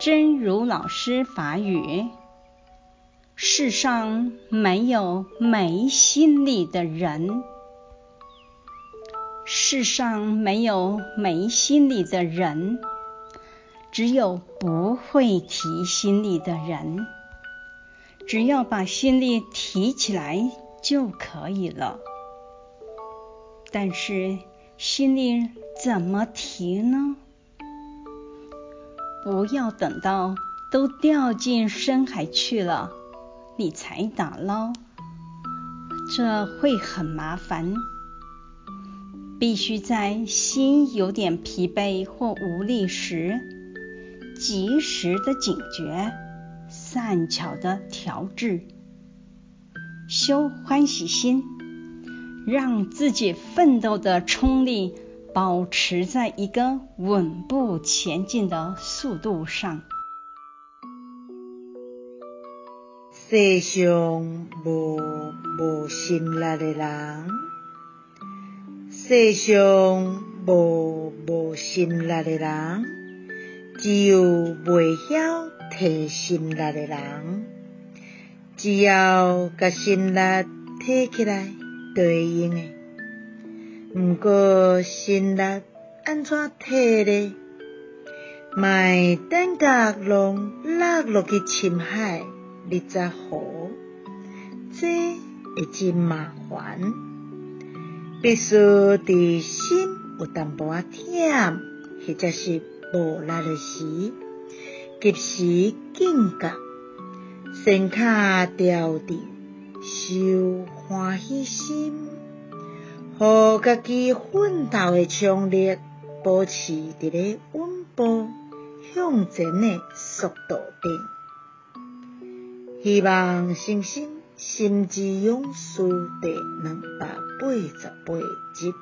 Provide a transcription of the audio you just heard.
真如老師法語：世上沒有沒心力的人，世上沒有沒心力的人，只有不會提心力的人。只要把心力提起來就可以了。但是，心力怎麼提呢？不要等到都掉進深海去了，你才打撈，這會很麻煩。必須在心有點疲憊或無力時，及時的警覺，善巧的調治，修歡喜心，讓自己奮鬥的衝力。保持在一個穩步前進的速度上。世上無無心力的人，世上無無心力的人，只有未曉提心力的人。只要把心力提起來，就會用。毋過，心力安怎摕呢？莫等甲攏落落去深海，汝才撈，這會真麻煩。必須佇心有淡薄仔忝或者是無力的時，及時警覺，善巧調整，修歡喜心。互家己奮鬥的衝力保持佇個穩步向前的速度頂，希望新生心之勇士第兩百八十八集。